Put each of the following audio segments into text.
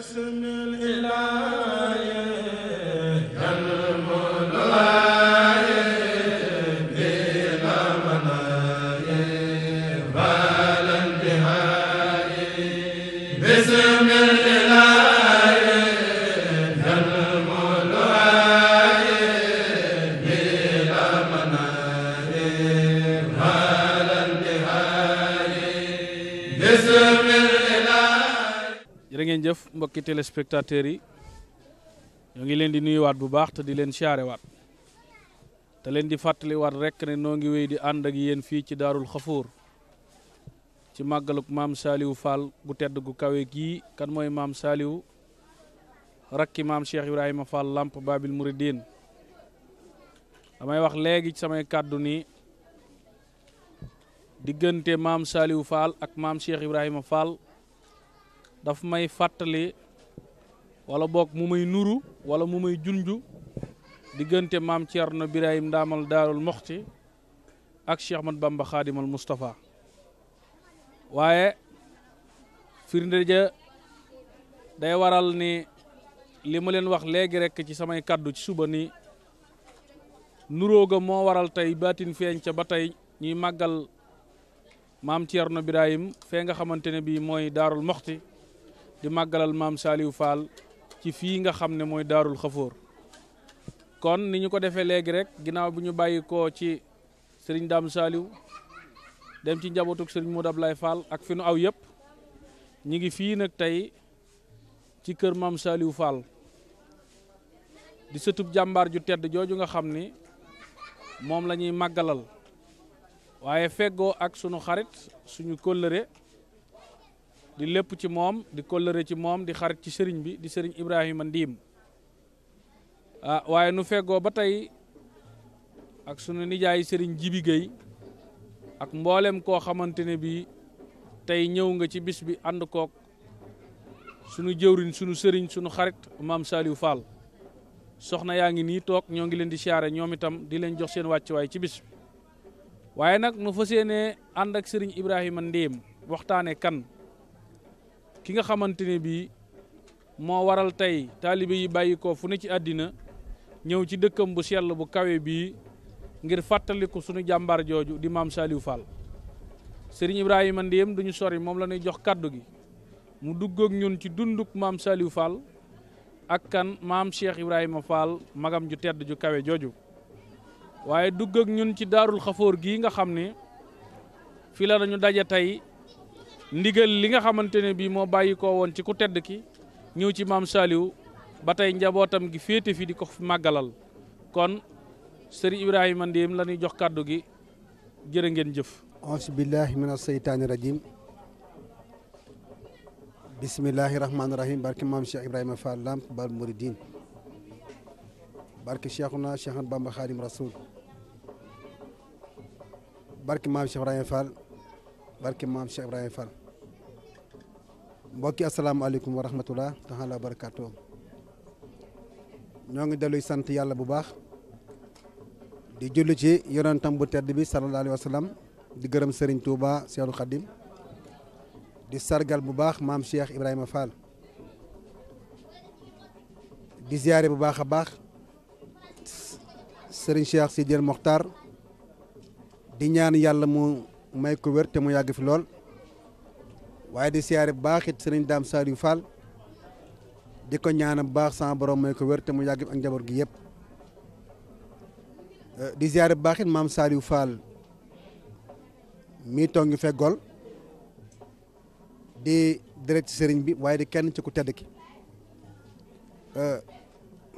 حسن الإله mbokki téléspectateurs yi ñoo ngi leen di nuyuwaat bu baax te di leen siyaarewaat te leen di fàttaliwaat rekk ne noo ngi di ànd ak yéen fii ci daarul xafuur ci màggaluk maam saaliwu Fall gu tedd gu kawe gii kan mooy maam saaliwu rakki maam Cheikh Ibrahima Fall Lamp Babil Mouridine damay wax léegi ci samay kàddu nii diggante maam saaliwu Fall ak maam Cheikh Ibrahima Fall dafa may fàttali walla boog mu may nuru wala mu may junju diggante maam na Birahim Ndaamal Daarul Moxti ak Cheikh Ahmad Bamba Xaadimal Moustapha waaye firnde ja day waral ni li ma leen wax léegi rekk ci samay kàddu ci suba ni nuróoga moo waral tey baatin feeñ ca ba tey ñuy màggal maam na Birahim fee nga xamante ne bii mooy Daarul Moxti di màggalal maam Saliou Fall ci fii nga xam ne mooy daarul xafoor kon ni ñu ko defee léegi rek ginnaaw bi ñu bàyyi koo ci sëriñ Dame Saliou dem ci njabootuk sëriñ Modou Ablaye Fall ak fi nu aw yëpp ñi ngi fii nag tey ci kër maam Saliou Fall di sëtub jàmbaar ju tedd jooju nga xam ni moom la ñuy màggalal waaye feggoo ak sunu xarit suñu kóllëre di lépp ci moom di kóllëre ci moom di xarit ci sëriñ bi di sëriñ Ibrahima Ndiim ah waaye nu fegoo ba tey ak sunu nijaay sëriñ Jibi Gueye ak mbooleem koo xamante ne bii tey ñëw nga ci bis bi ànd kook sunu jëwriñ sunu sëriñ sunu xarit maam Saliou Fall soxna yaa ngi nii toog ñoo ngi leen di siyaare ñoom itam di leen jox seen wàccuwaay ci bis bi waaye nag nu fas yéenee ànd ak sëriñ Ibrahima Ndiim waxtaanee kan. ki nga xamante ne bii moo waral tey taalibe yi bàyyi ko fu ne ci àddina ñëw ci dëkkam bu sell bu kawe bii ngir fàttaliku sunu jàmbar jooju di maam Saliou Fall sëriñ Ibrahima Ndiyem duñu sori moom la ñuy jox kàddu gi mu dugg ak ñun ci dunduk maam Saliou Fall ak kan maam Cheikh Ibrahima Fall magam ju tedd ju kawe jooju waaye dugg ak ñun ci daarul xafoor gii nga xam ne fi la dañu daje tey ndigal li nga xamante ne bii moo bàyyi koo woon ci ku tedd ki ñëw ci maam Saliou ba tey njabootam gi féete fi di ko màggalal kon sëriñ Ibrahima Ndim la ñuy jox kàddu gi jërë ngeen jëf auzu billahi mina seytaani rajim bismillahi rahmaani rahim barke maam Cheikh Ibrahima Fall Lamp Baal Mouridine barke Cheikhuna Cheikh Bamba Khadim Rasoul barke maam Cheikh Ibrahima Fall barke mbokki asalaamaaleykum wa rahmatulah taala wa barakaatu ñoo ngi delluy sant yàlla bu baax di julli ci yonentam bu tedd bi sallallahu alayhi wa sallam di gërëm Serigne Touba Seydou Khadim di sargal bu baax maam Cheikh Ibrahima Fall di ziare bu baax a baax Serigne Cheikh Sidiel di ñaan yàlla mu may ko wér te mu yàgg fi lool. waaye di siyaare bu baax daam sëriñ Dame Saliou di ko ñaanam baax sama borom mooy ko wér te mu yàgg ak njaboot gi yëpp euh, di siyaare bu baax it maam Saliou Fall mii toog ñu feggool di direct ci sëriñ bi waaye di kenn ci ku tedd ki euh,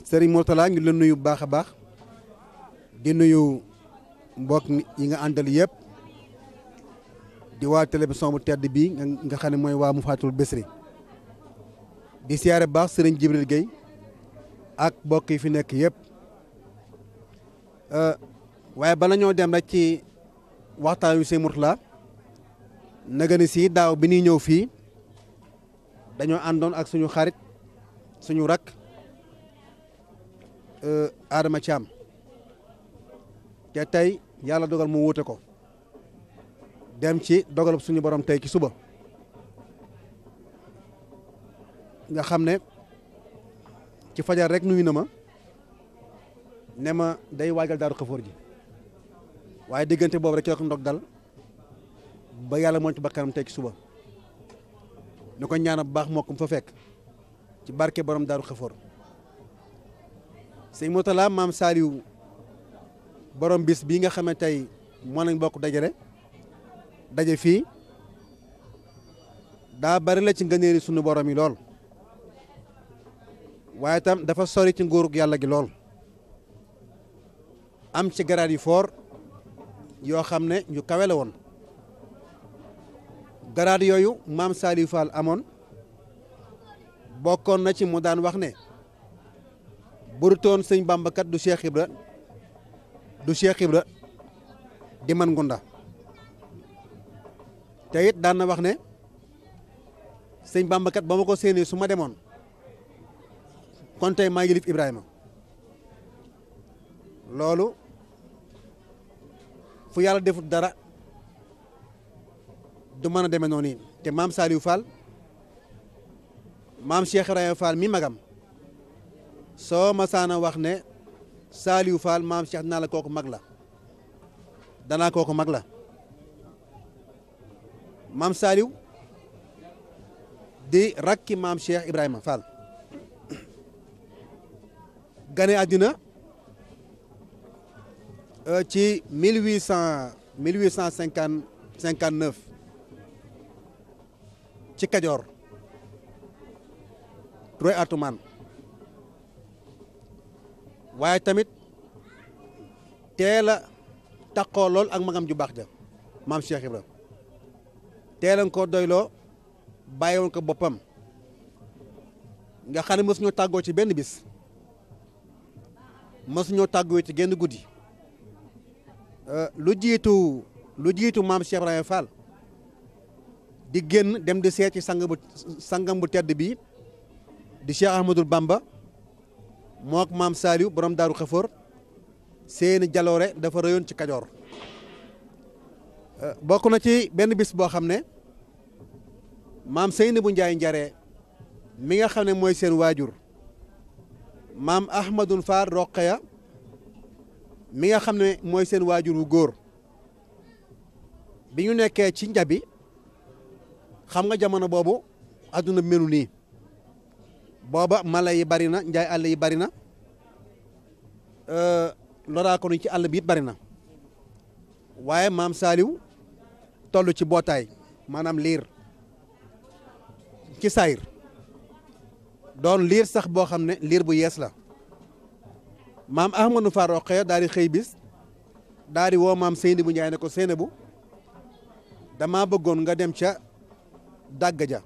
sëriñ Mourtala ngi la nuyu bu baax a baax di nuyu mbokk yi nga àndal yëpp. di waa télévision bu tedd bii nga xam ne mooy waa mu faatul Bichri di siyaare baax sëriñ Jibril géey ak mbokk yi fi nekk yëpp euh, waaye bala ñoo dem rek ci waxtaan wi sëñ la naga ni si daaw bi ñuy ñëw fii dañoo àndoon ak suñu xarit suñu rakk euh, Adama Thiam te tey yàlla dogal mu wuute ko dem ci dogalub suñu borom tey ci suba nga xam ne ci fajar rek nuyu na ma ne ma day waajal daaru xafoor ji waaye diggante boobu rek ci rek ndog dal ba yàlla moom ci bakkanam tey ci suba ñu ko ñaana bu baax mokkum fa fekk ci barke borom daaru xafoor sëñ Murtala maam Saaliw borom bis bii nga xam ne tey moo nañ bokk dajale daje fii daa bari la ci ngëneeri sunu borom yi lool waaye tam dafa sori ci nguurug yàlla gi lool am ci garaat yu foor yoo xam ne ñu kawe la woon garaat yooyu maam Saliou Fall amoon bokkoon na ci mu daan wax ne burutoon sëñ bàmbakat du Cheikh Ibra du Cheikh Ibra di man ngunda te it daan na wax ne sëñ Bàmba kat ba ma ko séenee su ma demoon kon tey maa yilif Ibrahima loolu fu yàlla defut dara du mën a deme noonu yi te maam Saliou Fall maam Cheikh Ibrahima mi magam soo ma saana wax ne saaliyu Fall maam Cheikh naa la kooku mag la danaa kooku mag la maam Saliou di rakki maam Cheikh Ibrahima Fall gane àddina euh, ci mille huit mille huit cent cinquante ci Kajoor Roy Atumaan waaye tamit teel a lool ak magam ju baax ja maam Cheikh Ibrahima teelan koo doyloo bàyyi woon ko boppam nga xam ne mësuñoo tàggoo ci benn bis mësuñoo tàggoo ci genn guddi euh, lu jiitu lu jiitu maam Cheikh Ibrahima Fall di génn dem di seet ci sangam bu sangam bu tedd bi di Cheikh Ahmadul bàmba moo ak maam Saliou borom daaru xafoor seeni jaloore dafa rëyoon ci Kajoor Euh, bokk na ci benn bis boo xam ne maam bu njaay njaree mi nga xam ne mooy seen waajur maam Ahmadou Faar Roqaya mi nga xam ne mooy seen waajur wu góor bi ñu nekkee ci njabi xam nga jamono boobu adduna melu nii booba mala yi bari na njaay àll yi bari na euh, loraa ko ci àll bi bari na waaye maam Saaliw toll ci bootaay maanaam liir ci saayir doon liir sax boo xam ne liir bu yees la maam Ahmadou Farokhe daal di xëy bis daal woo maam Seyni bu Njaay ne ko Seyni bu dama bëggoon nga dem ca dàgg ja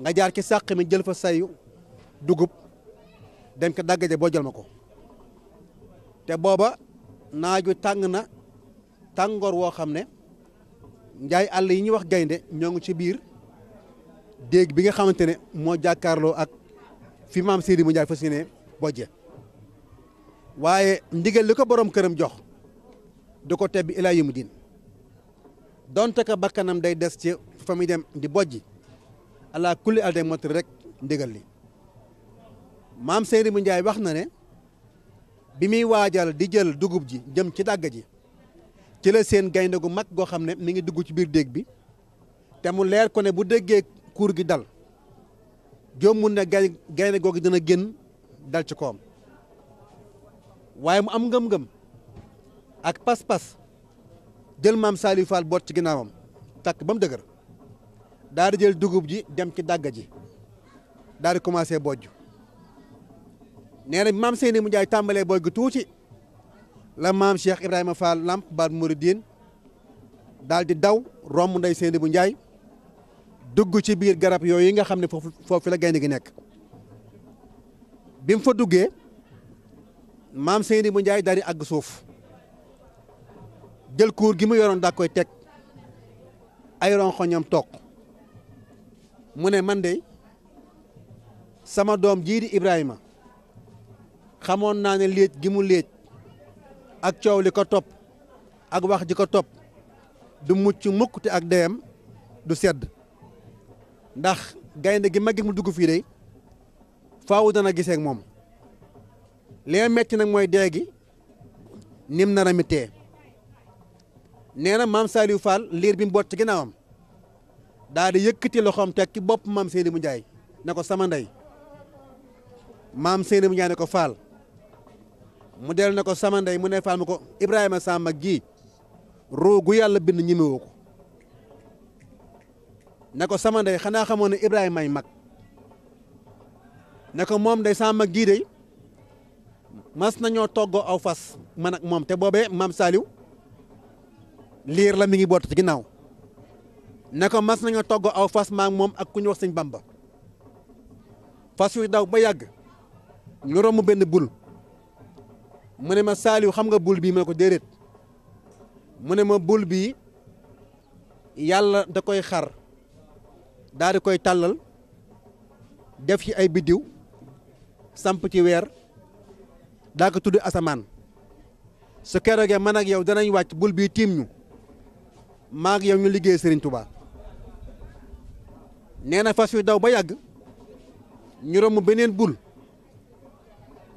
nga jaar ci sàq mi jël fa sayu dugub dem ko dàgg ja boo jël ma ko te booba naaju tàng na tàngoor woo xam ne njaay àll yi ñuy wax gaynde ñoo ngi ci biir déeg bi nga xamante ne moo jàkkaarloo ak fi maam Seydi mu Njaay fas ne bojje waaye ndigal li ko boroom këram jox du ko tebbi ilaa yu mu diin donte ka bakkanam day des ci fa muy dem di bojji ala kulli al day mottali rek ndigal li maam Seydi mu Njaay wax na ne bi muy waajal di jël dugub ji jëm ci dàgg ji ci la seen gaynde gu mag goo xam ne mi ngi dugg ci biir déeg bi te mu leer ko ne bu déggee kuur gi dal jombul ne gay gaynde googu dana génn dal ci koom waaye mu am ngëm-ngëm ak pas-pas jël maam Saliou Fall boot ci ginnaawam takk ba mu dëgër daal di jël dugub ji dem ci dàgga ji daal di commencé bojj nee na maam Seyni mu jaay tàmbalee bojj tuuti. la maam Cheikh Ibrahima Fall Lamp Baar Mourideen daal di daw romb nday seeni bu Njaay dugg ci biir garab yooyu yi nga xam ne foofu foofu la gaynde gi nekk bi mu fa duggee maam seeni bu Njaay dal di àgg suuf jël kuur gi mu yoroon daa koy teg ay ronxoñam toog mu ne man de sama doom jiir di Ibrahima xamoon naa ne léej gi mu léej ak coow li ko topp ak wax ji ko topp du mucc mukk te ak deyam du sedd ndax gaynde gi mag gis mu dugg fii de faawu dana gisee moom lee metti nag mooy dee gi nim nar a mittee nee na maam Saliou Fall liir bi mu ci ginnaawam daal di yëkkati loxoom teg ci bopp maam Seydou Ndiaye ne ko sama ndey maam Seydou Ndiaye ne ko Fall. mu del ne ko sama ndey mu ne faal ko Ibrahima Samba gii ruu yàlla bind ñimewoo ko ne xanaa xamoon ne Ibrahima mag ne moom day Samba gii de mas nañoo toggoo aw fas man ak moom liir la mi ngi boot ci ginnaaw ne mas nañoo toggoo aw fas maak moom ak ku ñu wax sëñ Bamba fas yu daw ba yàgg ñu romb benn bul mu ne ma saaliw xam nga bul bii ma ne ko déedéet mu ne ma bul bii yàlla da koy xar daal di koy tàllal def ci ay biddiw samp ci weer daa ko tudd asamaan su keroogee man ak yow danañ wàcc bul bii tiim ñu maa ak yow ñu liggéey Serigne Touba nee na fas yu daw ba yàgg ñu romb beneen bul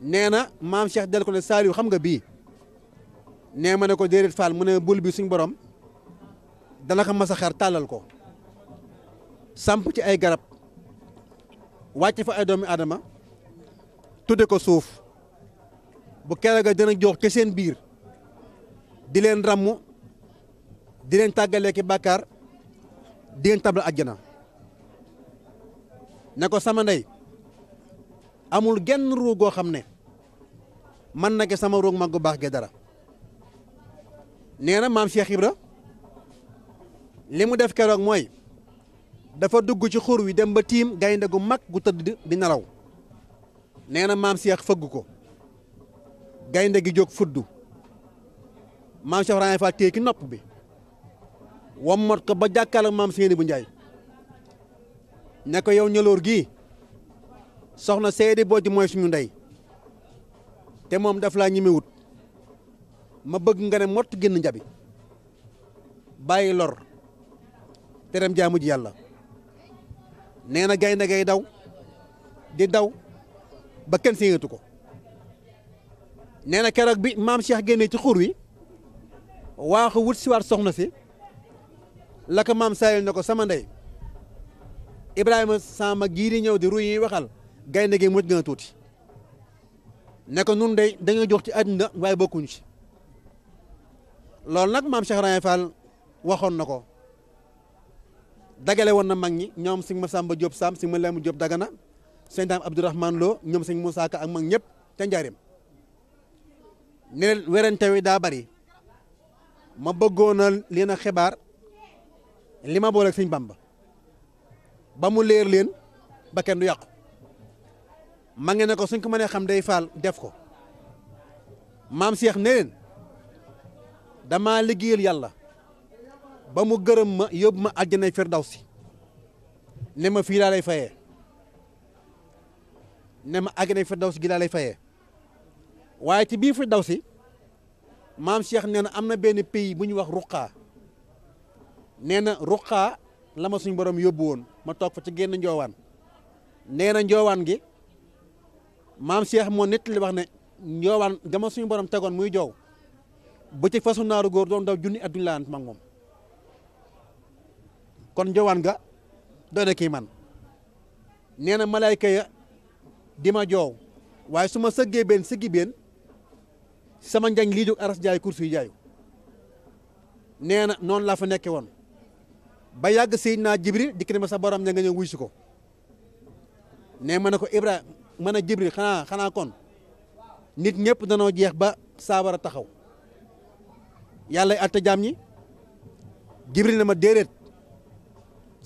nee na maam Cheikh del ko ne Saliou xam nga bii nee ma ne ko déedéet Fall mu ne bul bi suñ borom dana ko mas a tàllal ko samp ci ay garab wàcc fa ay doomi aadama tudde ko suuf bu keroog a dana jox ci seen biir di leen ràmmu di leen tàggalee ki bàkkaar di leen tabal àjjana ne ko sama ndey amul genn ruu goo xam ne man nake sama roog gu baax ge dara nee na maam seex Ibra li mu def keroog mooy dafa dugg ci xur wi dem ba tiim gaynde gu mag gu tëdd di nelaw nee na maam seex fëgg ko gaynde gi jóg fudd maam Cheikh Ibrahima Fall téye ki nopp bi wommat ko ba jàkkaarloo maam Seyni bu Njaay ne ko yow ñëloor gi soxna Seydi Bojj mooy suñu ndey te moom daf laa wut ma bëgg nga ne mott génn njabi bàyyi lor te dem jaamu ji yàlla nee na gaynde gay daw di daw ba kenn séngatu ko nee na keroog bi maam Cheikh génnee ci xur wi waaxu wut siwaat soxna si la maam sayil ne ko sama ndey Ibrahima sama gii di ñëw di ruy yi waxal gaynde gi mujj gën tuuti ne ko nun day dangay jox ci àddina waaye bokkuñ ci loolu nag maam Cheikh Raye waxoon na ko dagale woon na mag ñi ñoom sëñ Masamba Diop Sam sëñ Malem Diop Dagana sëñ Daam Abdourahmane Lo ñoom sëñ Moussa Ka ak mag ñëpp ca njaarim ne leen werante daa bari ma bëggoona liin a xibaar li ma boole ak sëñ ba mu leer leen ba kenn du yàqu ma ngi ne ko suñ ko mënee xam day faal def ko maam Cheikh ne leen damaa liggéeyal ba mu gërëm ma yóbbu ma àjjanay firdawsi ne ma fii laa lay fayee ne ma àjjanay gi laa lay fayee waaye ci biir firdawsi maam Cheikh nee na am na benn pays bu ñuy wax ruqaa nee na ruqaa la ma suñ borom yóbbu woon ma toog fa ci génn njoowaan nee na njoowaan gi maam Cheikh moo nettali wax ne njoowaan dama suñu borom tegoon muy joow bëccëg façon naaru góor doon daw junni at duñu ma mag moom kon njoowaan ga doy na kii man nee na malaayka ya di ma joow waaye su ma sëggee benn sëggi benn sama njañ lii jóg aras jaay kursu jaayu nee na noonu laa fa nekke woon ba yàgg Seydina Jibril dikk ne ma sa borom ña nga ñëw wuy si ko nee ma ne ko Ibrahima mën a jibril xanaa xanaa kon nit ñëpp danoo jeex ba saabara taxaw yàlla atte jaam ñi jibril na ma déedéet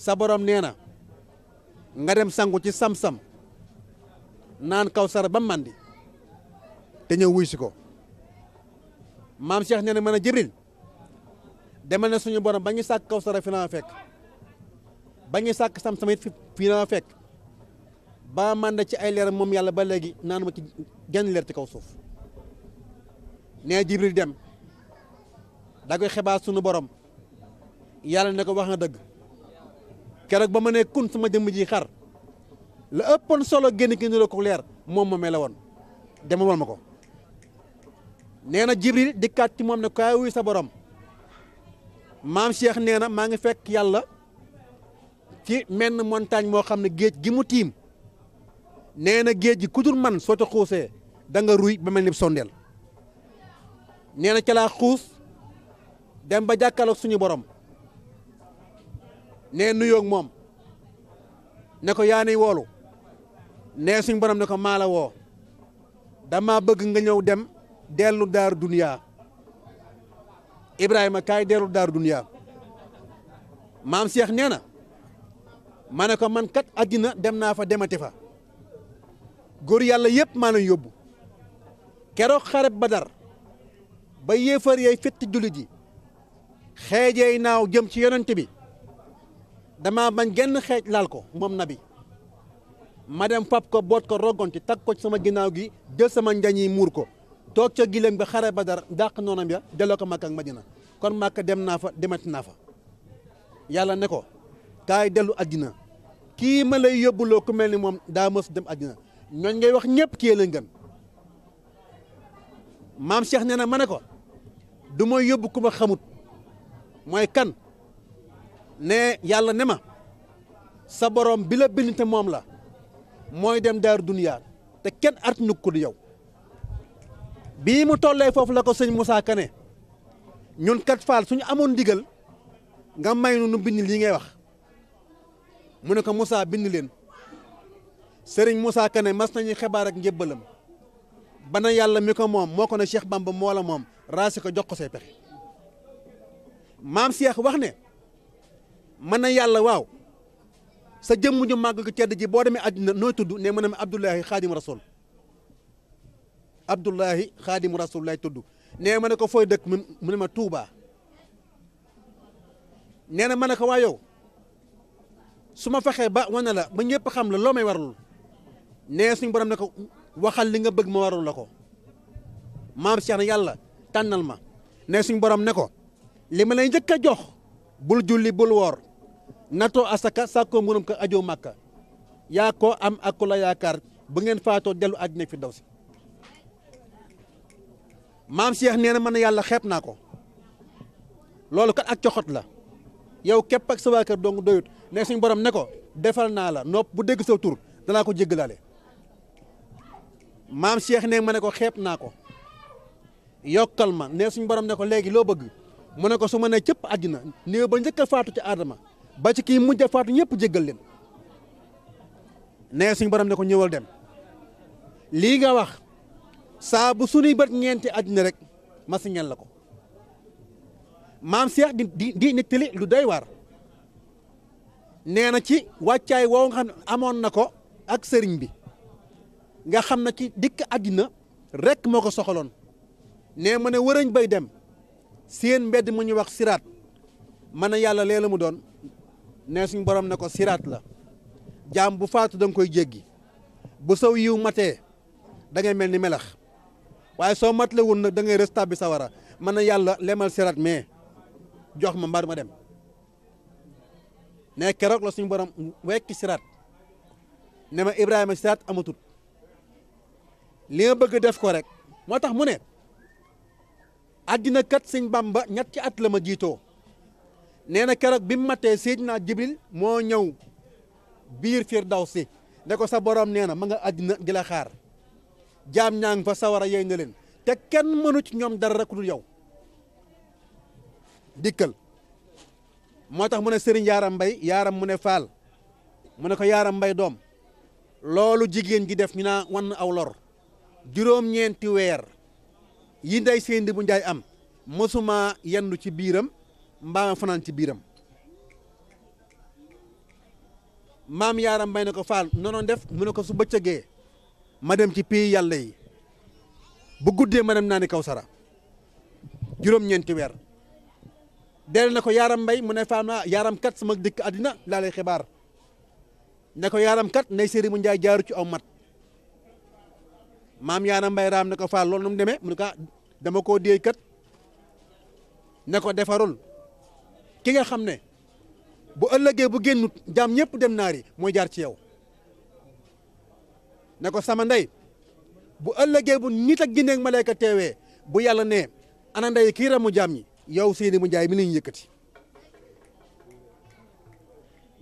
sa borom nee na nga dem sangu ci sam-sam naan kaw sara ba màndi te ñëw wuy si ko maam Cheikh nee na mën a jibril demal na suñu borom ba ñu sàkk kaw sara fi naa fekk ba ñu sàkk sam-sam it fi fekk ba man na ci ay leeram moom yàlla ba léegi naanu ma ci genn leer ci kaw suuf nee jibril dem daa koy sunu borom yàlla ne ko wax nga dëgg keroog ba ma ne kun sama jëmm ji xar la ëppoon solo génn ki ko leer moom moomee la woon dem wal ma ko nee na jibril dikkaat ci moom ne kaay wuy sa borom maam Cheikh nee na maa ngi fekk yàlla ci menn montagne moo xam ne géej gi mu tiim nee na géej gi ku dul man soo ca xuusee danga nga ruy ba mel ni sondeel nee na ca laa xuus dem ba jàkkaarloog suñu borom nee nuyoog moom ne ko yaa woolu nee suñu borom ne ko maala woo dama bëgg nga ñëw dem dellu daaru duniyaa Ibrahima kaay dellu daar duniyaa maam Cheikh nee na ma ne ko man kat àddina dem naa fa demati fa. góor yàlla yëpp maanaam yóbbu keroog xare badar ba yéefar yay fetti jullit yi xeejey naaw jëm ci yonent bi dama bañ genn xeej laal ko moom nabi ma dem fab ko boot ko rogonti tag ko ci sama ginnaaw gi jël sama njañ yi muur ko toog ca gileem ba xare badar dàq noonam ya delloo ko Makka ak Madina kon Makka dem naa fa demati fa yàlla ne ko kaay dellu àddina kii ma lay yóbbuloo ku mel ni moom daa mës dem àddina ñooñ ngay wax ñëpp kii lañ gën maam Cheikh nee na ma ne ko du mooy yóbbu ku ma xamut mooy kan ne yàlla ne ma sa borom bi la bind te moom la mooy dem daar duniyaa te kenn at nukk ko du yow bii mu tollee foofu la ko sëñ Moussa Kane ñun kat faal suñu amoon ndigal nga may nu nu bind lii ngay wax mu ne ko Moussa bind leen sëriñ Moussa Kane mas nañu xibaar ak njébbalam na yàlla mi ko moom moo ko ne Cheikh Bamba moo la moom raasi ko jox ko say pexe maam Cheikh wax ne mën na yàlla waaw sa jëmm ju màgg ko tedd ji boo demee àddina nooy tudd ne mën a Abdullahi Xaadim Rasul Abdullahi Xaadim Rasul laay tudd nee ma ne ko fooy dëkk mu ne ma Touba nee na ma ne ko waa yow su ma fexee ba wane la ba ñëpp xam la loo may warul. nee suñu borom ne ko waxal li nga bëgg ma warul la ko maam Cheikh ne yàlla tànnal ma nee suñu borom ne ko li ma lay njëkk a jox bul julli bul woor natoo asaka sàkkoo murum ko ajoo màkka yaa ko am ak ku yaakaar bu ngeen faatoo dellu àddina fi daw si maam Cheikh nee na man yàlla xeeb naa ko loolu kat ak coxot la yow képp ak sa waa kër dong doyut ne suñu borom ne ko defal naa la nopp bu dégg sa tur danaa ko jéggalaale maam Cheikh ne ma ne ko xeeb naa ko yokkal ma ne suñu borom ne ko léegi loo bëgg mu ne ko su ma nee cëpp àddina néew ba njëkk faatu ci aadama ba ci kii mujj a faatu ñëpp jéggal leen ne suñu borom ne ko ñëwal dem lii nga wax saabu bu sunuy bët ñeenti àddina rek ma signal la ko maam Cheikh di di di nettali lu doy waar nee na ci wàccaay woow nga xam ne amoon na ko ak sëriñ bi. nga xam na ci dikk àddina rek moo ko soxaloon nee ma ne wërëñ bay dem seen mbedd mu ñuy wax siraat ma ne yàlla lee la mu doon nee suñ borom ne ko siraat la jaam bu faatu da koy jéggi bu saw yiw matee dangay mel ni melax waaye soo mat la wun nag da ngay resta bi sawara ma ne yàlla lemal siraat mais jox ma mbaar ma dem ne keroog la suñu borom wekki siraat ne ma Ibrahima siraat amatut li nga bëgg def ko rek moo tax mu ne àddina kat sëñ Bamba ñetti at la ma jiitoo nee na keroog bi mu matee Seydina Jibril moo ñëw biir si ne ko sa boroom nee na ma nga àddina di xaar jaam ñaa ngi fa sawara yey na leen te kenn mënu ci ñoom dara rek dul yow dikkal moo tax mu ne sëriñ yaaram mbay yaaram mu ne faal mu ne ko yaaram mbay doom loolu jigéen gi def ñu naa wan aw lor juróom-ñeenti weer yi nday seen bu njaay am mosuma yendu ci biiram mbaa fanaan ci biiram maam yaaram mbay na ko faal nonoon def mu ne ko su bëccëgee ma dem ci pays yàlla yi bu guddee ma dem naa ni Kawsara juróom-ñeenti weer dell na ko yaaram mbay mu ne faam naa yaaram kat sama dëkk àddina laa lay xibaar ne ko yaaram kat nday séeri mu njaay jaaru ci aw mat maam yaana mbay raam ne ko faal loolu nu mu demee mu ne ko ah, dama koo déey kat ne ko defarul ki nga xam ne bu ëllëgee bu génnut jaam ñépp dem naari mooy jaar ci yow ne ko sama ndey bu ëllëgee bu nit ak ginneeg malayka teewee bu yàlla ne ana ndey kii ramu jaam ñi yow seeni mu jaay mi lañu yëkkati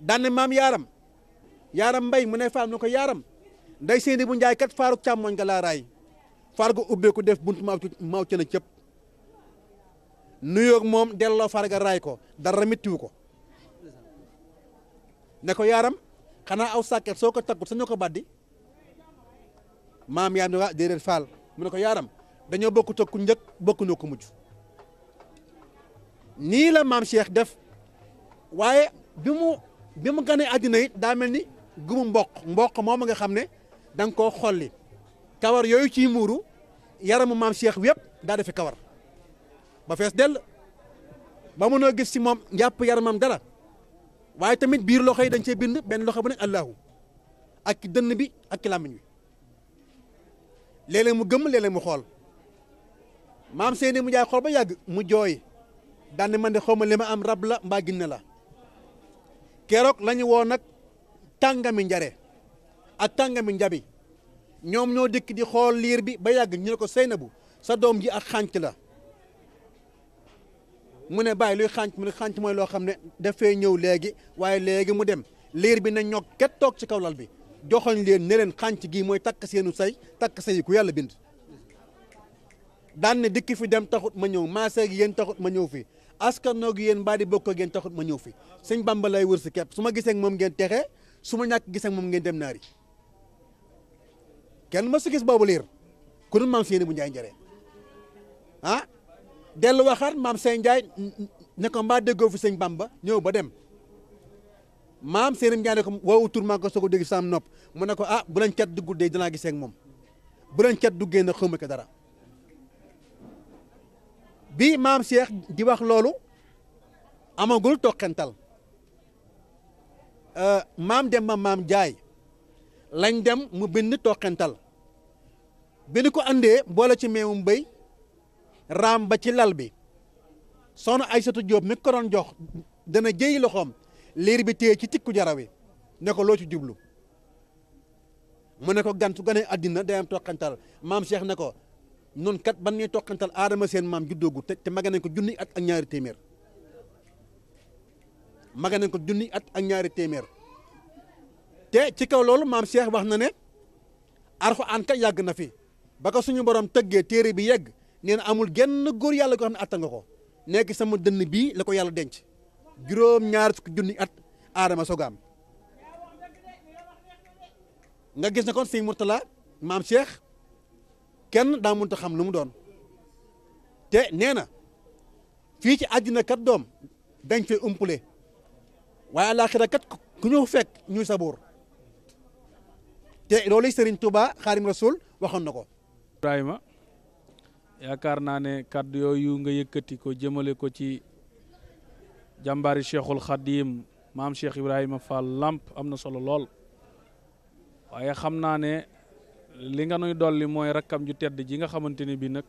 daan maam yaaram yaaram mbay mu ne faam ne ko yaaram nday seeni bu njaay kat faaruk càmmooñ nga laa raay far ga ubbeeku def bunt maaw maaw cën a cëpp nuyoog moom delloo far ga ko dara mittiwu ko ne ko yaaram xanaa aw sàkket soo ko takkut sañoo ko baddi maam yaa ne waa ah, déedéet faal mu ne ko yaaram dañoo bokk ku njëkk bokk noo ko mujj nii la maam Cheikh def waaye bi mu bi mu ganee àddina it daa mel ni gumu mboq mboq moom nga xam ne danga nga koo xolli kawar yooyu ciy muuru yaramu maam Cheikh bi daa defi kawar ba fees dell ba mën mënoo gis ci moom njàpp yaramam dara waaye tamit biir loxo yi dañ cee bind benn loxo bu ne allahu ak dënn bi ak ki làmmiñ wi léeg mu gëmm léeg mu xool maam Seyni mu jaay xool ba yàgg mu jooy daan ne man de xaw ma li am rab la mbaa ginne la keroog lañu woo nag tàngami njare ak tàngami njabi ñoom ñoo dikk di xool liir bi ba yàgg ñu ne ko bu sa doom ji ak xànc la mu ne bàyyi luy xànc mu ne xànc mooy loo xam ne dafay ñëw léegi waaye léegi mu dem liir bi ne ñoo ket toog ci kaw lal bi joxoñ leen ne leen xànc gii mooy takk seenu say takk say ku yàlla bind daan ne dikk fi dem taxut ma ñëw maaseeg yéen taxut ma ñëw fi askan noogi yéen mbaa di bokk ngeen taxut ma ñëw fi sëñ Bàmba lay wër si kepp su ma gisee moom ngeen texe su ñàkk gisee moom ngeen dem naari kenn ma su gis boobu liir ku dul bu njaay njare ah dellu waxaat maam seen njaay ne ko mbaa déggoo fi sëñ bamba ñëw ba dem maam seeni njaay ne ko woowu tur maa ko soo ko sam nopp mu ne ko ah bu ne cat duggu dee dana gisee ak moom bu leen cat duggee na xawma ko dara bi maam Cheikh di wax loolu amagul toqental euh, maam dem ba maam jaay lañ dem mu bind toqental bi ni ko andee boole ci meewum béy raam ba ci lal bi ay Aysatu Jóob nekk ko doon jox dana jëyi loxoom liir bi téye ci tikku jaraw yi ne ko loo ci jublu mu ne ko gan su ganee àddina day am toqantal maam Cheikh ne ko nun kat ban ñuy toqantal aadama seen maam juddoogu te te maga nañ ko junni at ak ñaari téeméer maga nañ ko junni at ak ñaari téeméer te ci kaw loolu maam Cheikh wax na ne Alxuraan kat yàgg na fi ba ko suñu borom tëggee téere bi yegg nee na amul genn góor yàlla koo xam ne atta nga ko nekk sama dënn bii la ko yàlla denc juróom ñaar fukki junni at aadama sogaam nga gis ne kon sëñ Mourtala maam Cheikh kenn daa mënut xam lu mu doon te nee na fii ci àddina kat doom dañ fee umpule waaye àllaaxira kat ku ñëw fekk ñuy saboor te loolu Serigne Touba Xaadim Rasul waxoon na ko. Ibrahima yaakaar naa ne kàddu yooyu nga yëkkati ko jëmale ko ci jàmbaari cheikhul xadim maam Cheikh Ibrahima Fall làmp am na solo lool waaye xam naa ne li nga nuy dolli mooy rakkam ju tedd ji nga xamante ne bii nag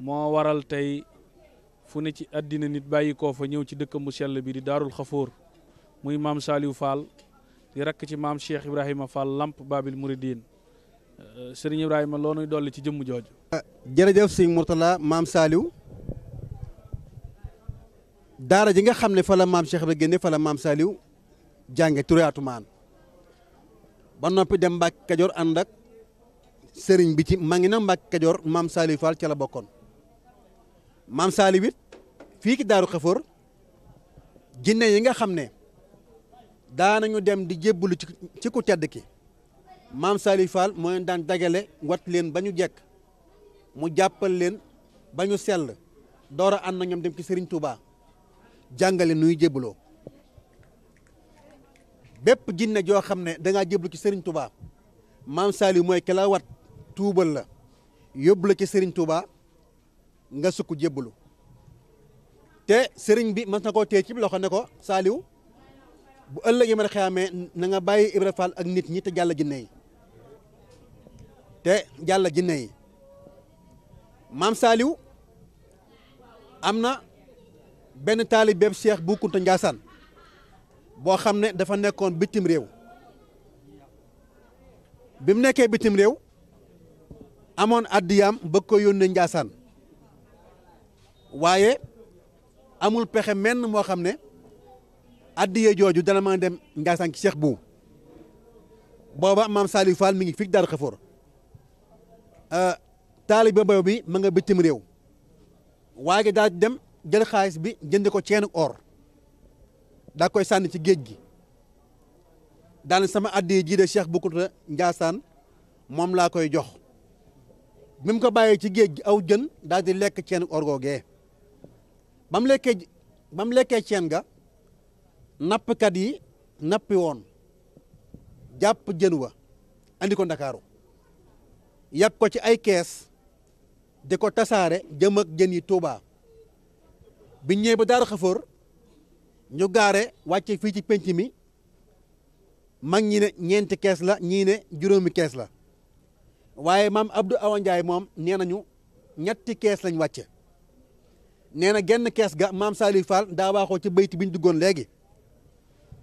moo waral tey. fu ne ci àddina nit bàyyi koo fa ñëw ci dëkkam bu sell bi di daarul xafoor muy maam Saliou Fall di ci maam Cheikh Ibrahima Fall Lamp Babil Mouridine euh, sëriñ Ibrahima loo nuy dolli ci jëmm jooju. Euh, jërëjëf sëñ Mourtala maam Saliou daara ji nga xam ne fa la maam Cheikh Ibrahima génne fa maam Saliou jànge turaatu maan ba noppi dem Mbàkke Kajoor ànd ak sëriñ bi ci maa ngi na Mbàkke Kajoor maam Saliou Fall ca la bokkoon maam Saliou fii ci daaru Xafoor jinne yi nga xam ne. daanañu dem di jébbalu ci ci ku tedd ki maam Saliou Fall moo daan dagale wat leen ba ñu jekk mu jàppal leen ba ñu sell door a ànd na ñoom dem ci Serigne Touba jàngale nuy jébbaloo bépp jinne joo xam ne da ngaa ci sëriñ Touba maam Saliou mooy ki la wat tuubal la yóbbu ci sëriñ Touba nga sukk jébbalu te Serigne bi mas na koo téye ci loxo ne ko Saliou bu ëllëgee mën a xeyaamee nanga bàyyi Ibra ak nit ñi te jàll jinne yi te jàll jinne yi maam Saaliw am na benn taalibeeb Cheikh bu Kunta Njaasaan boo xam ne dafa nekkoon bitim réew bi mu nekkee bitim réew amoon addiyaam bëgg ko yónnee Njaasaan waaye amul pexe menn moo xam ne addiye jooju dana mën dem Ndiassane ci Cheikh Bou booba maam Saliou mi ngi fii Darou Khafor euh, taaliba bi ma nga bitim réew waaye daal dem jël xaalis bi jënd ko ceenu or daa koy sànni ci géej gi daal sama addiye jii de Cheikh Bou Kounta Ndiassane moom laa koy jox bi ko bàyyee ci géej gi aw jën daal di lekk ceenu or googee ba lekkee ba lekkee ceen ga. nappkat yi nappi jàpp jën wa andi ko ndakaaru yàpp ko ci ay kees di ko tasaare jëm jën yi Touba bi ñëwee ba Daaru Xafoor ñu gaare wàcce fii ci penc mi mag ñi ne ñeenti kees la ñii ne juróomi kees la waaye maam Abdou Awa Ndiaye moom nee nañu ñetti kees lañ wàcce nee na genn kees ga maam Saliou Fall daa waaxoo ci bayti bi duggoon léegi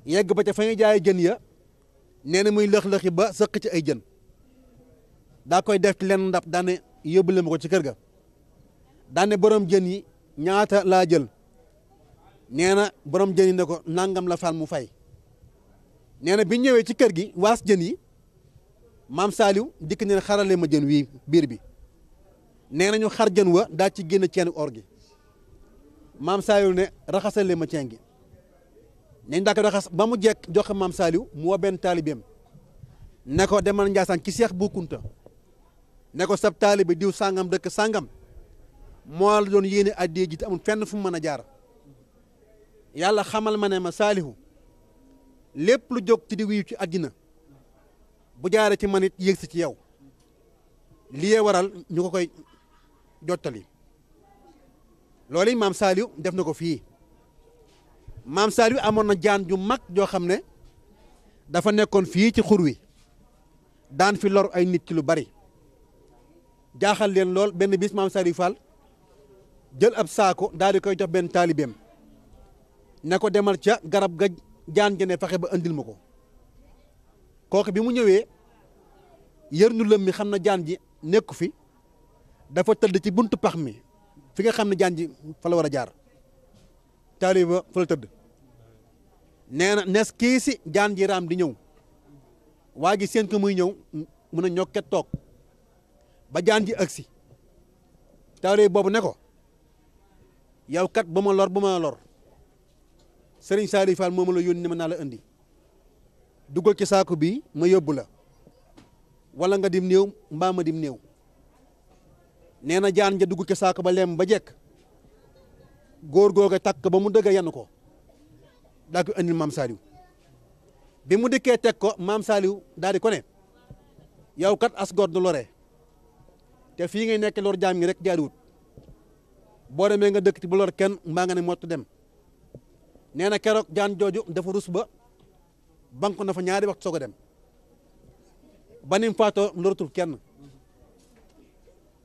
yegg ba ca fa ñuy jaay jën ya nee na muy lëx-lëxi ba sëq ci ay jën daa koy def ci lenn ndab daane yóbbu leen ma ko ci kër ga daane boroom jën yi ñaata laa jël nee na borom jën yi ne ko nàngam la fan mu fay nee na bi ñëwee ci kër gi waas jën yi maam saaliw dikk neen xarale ma jën wii biir bi nee na ñu xar jën wa daa ci génn ceenu or gi maam saaliw ne raxasale ma ceen gi nañ daa ko ba mu jekk jox ko maam saaliw mu woo benn taalibeem ne ko demal Ndiassane ci Cheikh Bou Kounta ne ko sab taalibe diw sàngam dëkk sàngam moo la doon yéene addee ji te amul fenn fu mu mën a jaar yàlla xamal ma ne ma Saliou lépp lu jóg ci di wiyu ci àddina bu jaaree ci man it yéeg si ci yow liyee waral ñu ko koy jottali lool yi maam Saliou def na ko fii. maam Saliou amoon na jaan ju mag joo xam ne dafa nekkoon fii ci xur wi daan fi lor ay nit ci lu bari jaaxal leen lool benn bis maam Saliou Fall jël ab saako daal di koy jox benn taalibeem ne ko demal ca garab ga jaan ja ne fexe ba andil ma ko kooku bi mu ñëwee yër nu lëm mi xam na jaan ji nekku fi dafa tëdd ci buntu pax mi fi nga xam ne jaan ji fa la war a jaar taaliba fa la tëdd nee na nes kii si jaan ji di ñëw waa gi seen ko muy ñëw mun a ñokket toog ba jaan ji agsi taaliba boobu ne ko yow kat ba ma lor ba ma lor sëriñ Saliou Fall moom la yónni ma naa la indi duggal ci saako bi ma yóbbu la wala nga dim néew mbaa ma dim néew nee na jaan ja dugg ci saako ba lem ba jekk góor googa takk ba mu dëgg yanu ko daa ko andil maam Saliou bi mu dikkee teg ko maam Saliou daal di ko ne yow kat as góor du lore te fii ngay nekk lor jaam ngi rek jaariwut boo demee nga dëkk ci bu lor kenn mbaa nga ne mottu dem nee na keroog jaan jooju dafa rus ba bank na fa ñaari waxtu soog a dem ba ni mu faatoo loratul kenn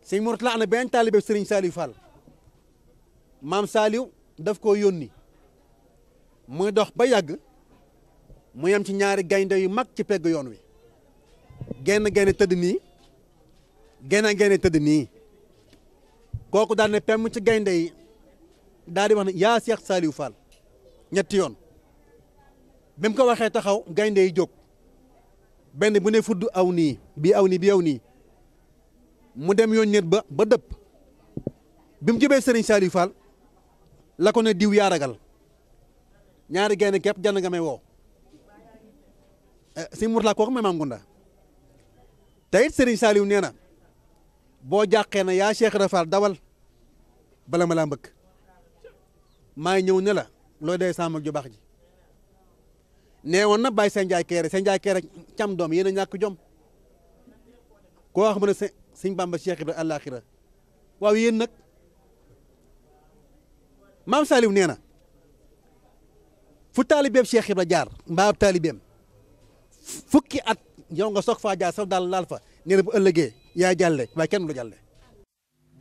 sëñ Mourtala ana benn taalibe Serigne Saliou maam saaliw daf ko yónni muy dox ba yàgg mu yem ci ñaari gaynde yu mag ci pegg yoon wi genn gaynde tëdd nii genn gaynde tëdd nii kooku daal ne pemm ci gaynde yi daal di wax ne yaa Seex Saliou Fall ñetti yoon bi mu ko waxee taxaw gaynde yi jóg benn bu ne fudd aw nii bi aw nii bi aw nii mu dem yoon ñet ba ba dëpp bi mu jubee Serigne Saliou Fall la ko diw yaa ragal ñaari gaynde képp jànn nga may woo eh, si murtala kooku may maam gunda te it nee na boo jàqee na yaa Cheikh Rafal dawal bala ma laa mbëkk maay ñëw ne la looy dee sàmm ak ju baax ji nee woon na bàyyi seen jaay keere seen keere cam doom yéen a ñàkk jom koo xam ne sëñ Bamba Cheikh Ibra àllaaxira waaw yéen nag. maam Saliou nee na fu taalibeem Cheikh Ibra jaar mbaa taalibeem fukki at yow nga soog faa jaar sax daal laal fa nee bu ëllëgee yaa jàlle waaye kenn du jàlle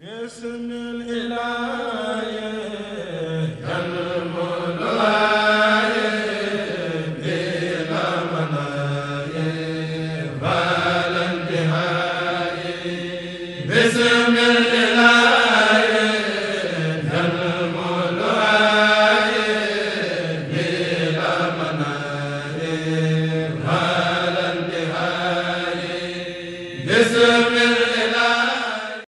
bismillah